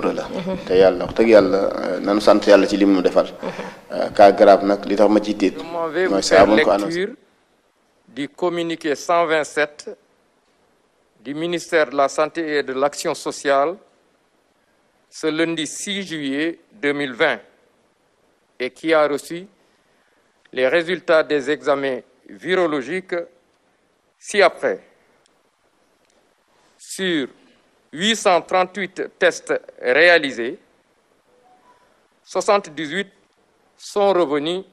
sutura la te dëgg yàlla euh, sant yàlla ci lim nu defal euh, nag li ma ci tiit mooy saa buñ ko annoncé ministère la santé de l'action sociale ce lundi 6 juillet 2020 et qui a reçu des examens virologiques ci 838 tests réalisés, 78 sont revenus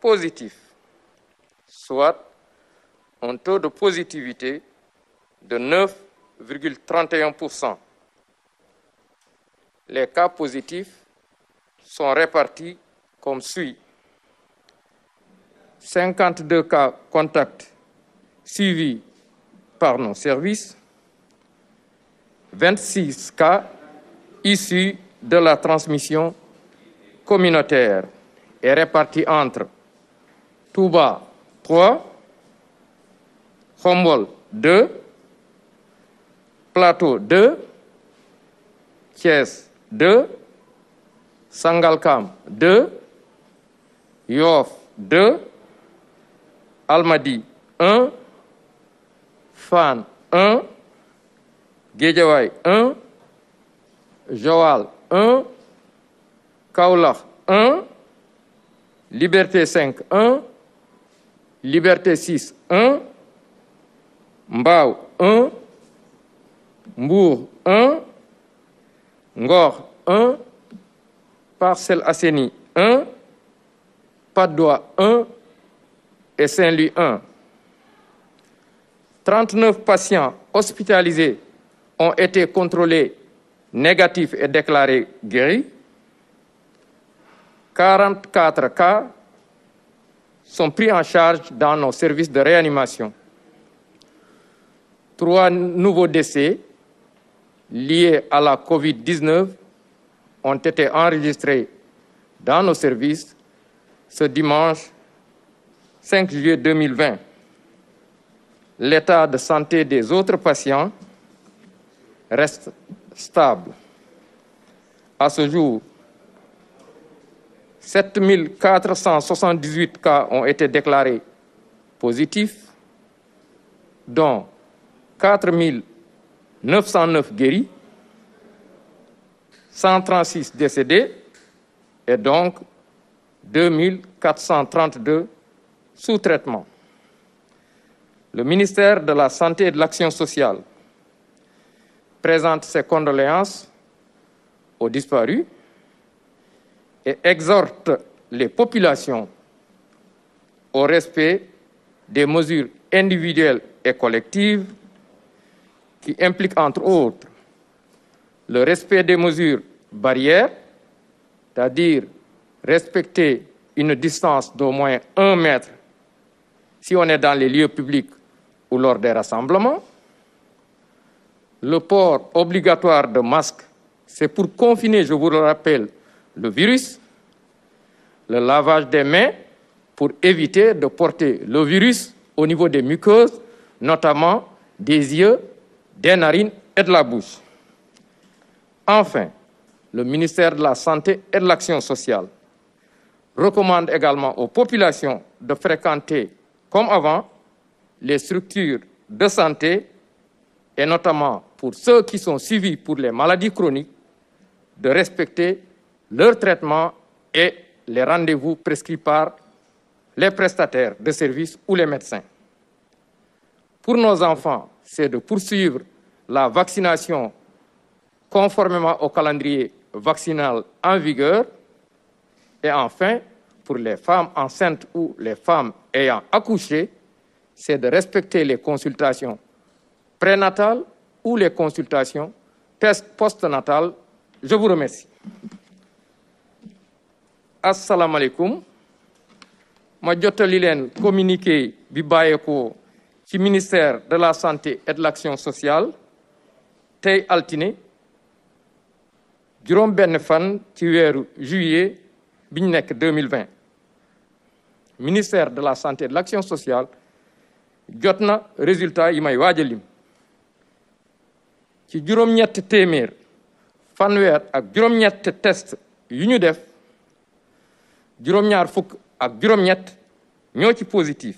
positifs, soit un taux de positivité de 9,31%. Les cas positifs sont répartis comme suit. 52 cas contacts suivis par nos services, 26 cas issus de la transmission communautaire et répartis entre Touba 3, Khombol 2, Plateau 2, Thiès 2, Sangalkam 2, Yoff 2, Almadi 1, Fan Guédiawaye 1 Joal 1 Kaolack 1 Liberté 5 1 Liberté 6 1 Mbao 1 Mbour 1 Ngor 1 Parcelles Assainies patients hospitalisés ont été contrôlés négatifs et déclarés guéris. 44 cas sont pris en charge dans nos services de réanimation. Trois nouveaux décès liés à la COVID-19 ont été enregistrés dans nos services ce dimanche 5 juillet 2020. L'état de santé des autres patients reste stable. À ce jour, 7 478 cas ont été déclarés positifs, dont 4 909 guéris, 136 décédés est donc 2432 sous traitement. Le ministère de la Santé et de l'Action sociale présente ses condoléances au disparus et exhorte les populations au respect des mesures individuelles et collectives qui impliquent entre autres le respect des mesures barrières, c'est-à-dire respecter une distance d'au moins un mètre si on est dans les lieux publics ou lors des rassemblements, le port obligatoire de masques, c'est pour confiner, je vous le rappelle, le virus, le lavage des mains pour éviter de porter le virus au niveau des muqueuses, notamment des yeux, des narines et de la bouche. Enfin, le ministère de la Santé et de l'Action sociale recommande également aux populations de fréquenter, comme avant, les structures de santé et notamment pour ceux qui sont suivis pour les maladies chroniques, de respecter leur traitement et les rendez-vous prescrits par les prestataires de services ou les médecins. Pour nos enfants, c'est de poursuivre la vaccination conformément au calendrier vaccinal en vigueur. Et enfin, pour les femmes enceintes ou les femmes ayant accouché, c'est de respecter les consultations prénatale ou les consultations post Je vous remercie. Assalamu alaikum. ma jottali leen communiqué bi bàyyeekoo ci ministère de la santé et de l'action sociale tey altine juróom benn fan ci weeru juillet bi ñu nekk 2020 ministère de la santé et de l'action sociale jot na résultat yi may waaj lim ci juróom-ñetti téeméer fanweer ak juróom-ñetti test yu ñu def juróom-ñaar fukk ak juróom-ñett ñoo ci positif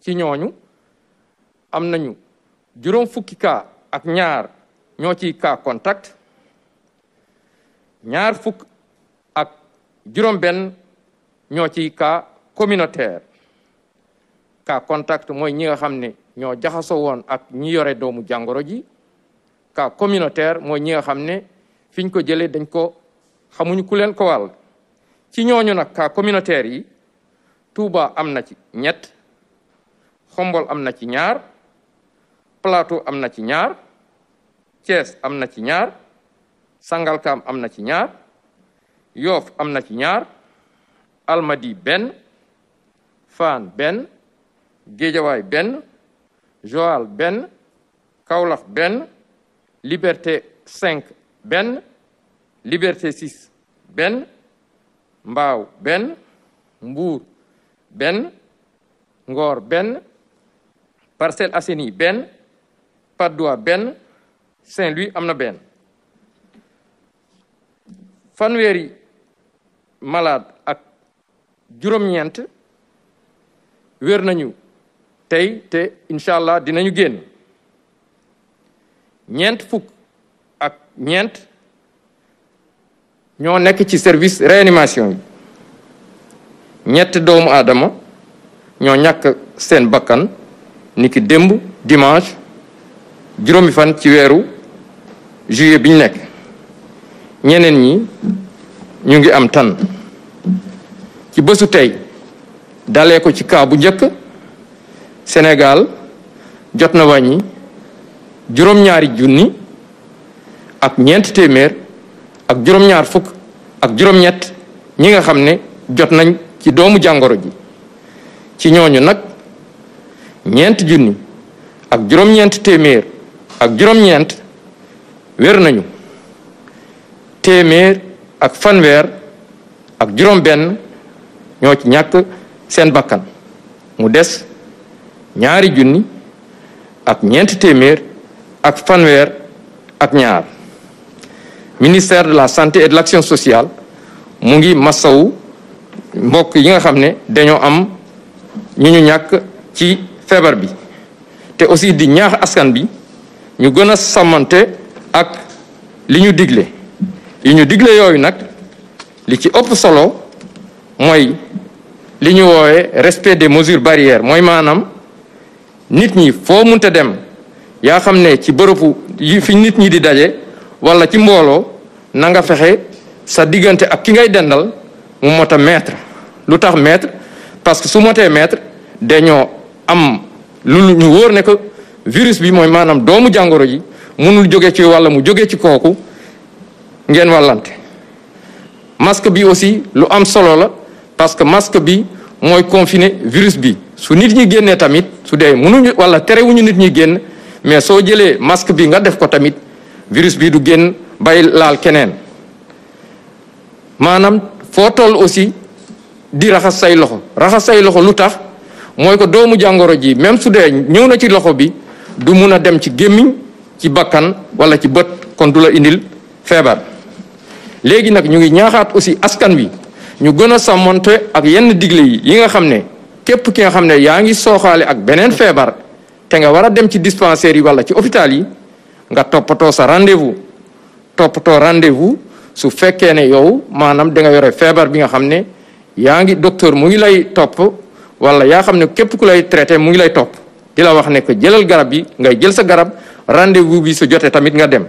ci ñooñu am nañu juróom fukki cas ak ñaar ñoo ciy cas contact ñaar fukk ak juróom-benn ñoo ciy cas communautaire cas contact mooy ñi nga xam ne ñoo jaxasoo woon ak ñi yore doomu jàngoro ji ka communautaire mooy ñi nga xam ne fiñ ko jëlee dañ ko xamuñu ku leen ko wal ci ñooñu nag cas communautaire yi Touba am na ci ñett Xombol am na ci ñaar Plateau am na ci ñaar Thiès am na ci ñaar sangalkaam am na ci ñaar yoof am na ci ñaar Almadi benn Fann benn Géejawaay benn Joal benn Kaolack benn liberté 5 benn liberté 6 benn mbaaw benn mbuur benn ngoor benn Parcelles Assainies benn Patte d'Oie benn Saint-Louis am na benn fanweeri malade ak juróom-ñeent wér nañu tey te incha allah dinañu génn ñeent fukk ak ñeent ñoo nekk ci service réanimation yi ñett doomu aadama ñoo ñàkk seen bakkan niki démb dimanche juróomi fan ci weeru juillet biñ nekk ñeneen ñi ñu ngi am tan ci bésu tey dalee ko ci kaa bu njëkk senegal jot na wàññi juróom-ñaari junni ak ñeent téeméer ak juróom-ñaar fukk ak juróom-ñett ñi nga xam ne jot nañ ci doomu jàngoro ji ci ñooñu nag ñeent junni ak juróom-ñeent téeméer ak juróom-ñeent wér nañu téeméer ak fanweer ak juróom-benn ñoo ci ñàkk seen bakkan mu des ñaari junni ak ñeent téeméer ak fanweer ak ñaar ministère de la santé et de l'action sociale mu ngi massawu mbokk yi nga xam ne dañoo am ñu ñu ñàkk ci feebar bi te aussi di ñaax askan bi ñu gën a sàmmante ak li ñu digle yi ñu digle yooyu nag li ci ëpp solo mooy li ñu woowee respect des mesures barrières mooy maanaam nit ñi foo munte dem yaa xam ne ci bërëbu yi fi nit ñi di daje wala ci mbooloo na nga fexe sa diggante ak ki ngay dendal mu mot a lu tax mètre parce que su motee mètre dañoo am lu ñu wóor nekk que virus bi mooy maanaam doomu jàngoro ji mënul jóge ci walla mu jóge ci kooku ngeen wàllante masque bi aussi lu am solo la parce que masque bi mooy confiner virus bi su nit ñi génnee tamit su dee mënuñu walla terewuñu nit ñi génn mais soo jëlee masque bi nga def ko tamit virus bii du génn bay laal keneen maanaam foo toll aussi di raxas say loxo raxas say loxo lu tax mooy ko doomu jàngoro ji même su dee ñëw na ci loxo bi du mun a dem ci gémmiñ ci bakkan wala ci bët kon du la indil feebar léegi nag ñu ngi ñaaxaat aussi askan wi ñu gën a sàmmonte ak yenn digle yi yi nga xam ne képp ki nga xam ne yaa ngi sooxaale ak beneen feebar te nga war a dem ci dispensaire yi walla ci hôpital yi nga toppatoo sa rendez-vous toppatoo rendez-vous su fekkee ne yow maanaam da nga yore feebar bi nga xam ne yaa ngi docteur mu ngi lay topp walla yaa xam ne képp ku lay traité mu ngi lay topp di la wax ne que jëlal garab bi ngay jël sa garab rendez-vous bi su jotee tamit nga dem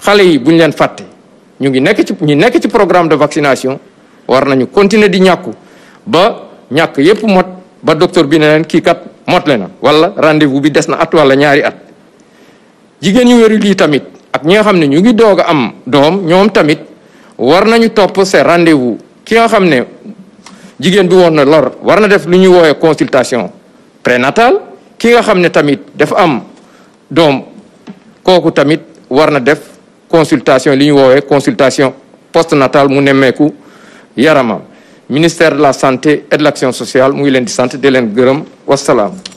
xale yi buñ leen fàtte ñu ngi nekk ci ñu nekk ci programme de vaccination war nañu continuer di ñàkku ba ñàkk yépp mot motle na wala rendez-vous bi des na at walla ñaari at jigéen ñu wérul yi tamit ak ñi nga xam ne ñu ngi doog a am doom ñoom tamit war nañu topp ces rendez ki nga xam ne jigéen bi woon na lor war na def lu ñuy woowee consultation prénatale ki nga xam ne tamit dafa am doom kooku tamit war na def consultation li ñu woowee consultation postnatale mu nemmeeku yaramam ministère de la santé et de l'action sociale muy leen di sant di leen gërëm wasalaam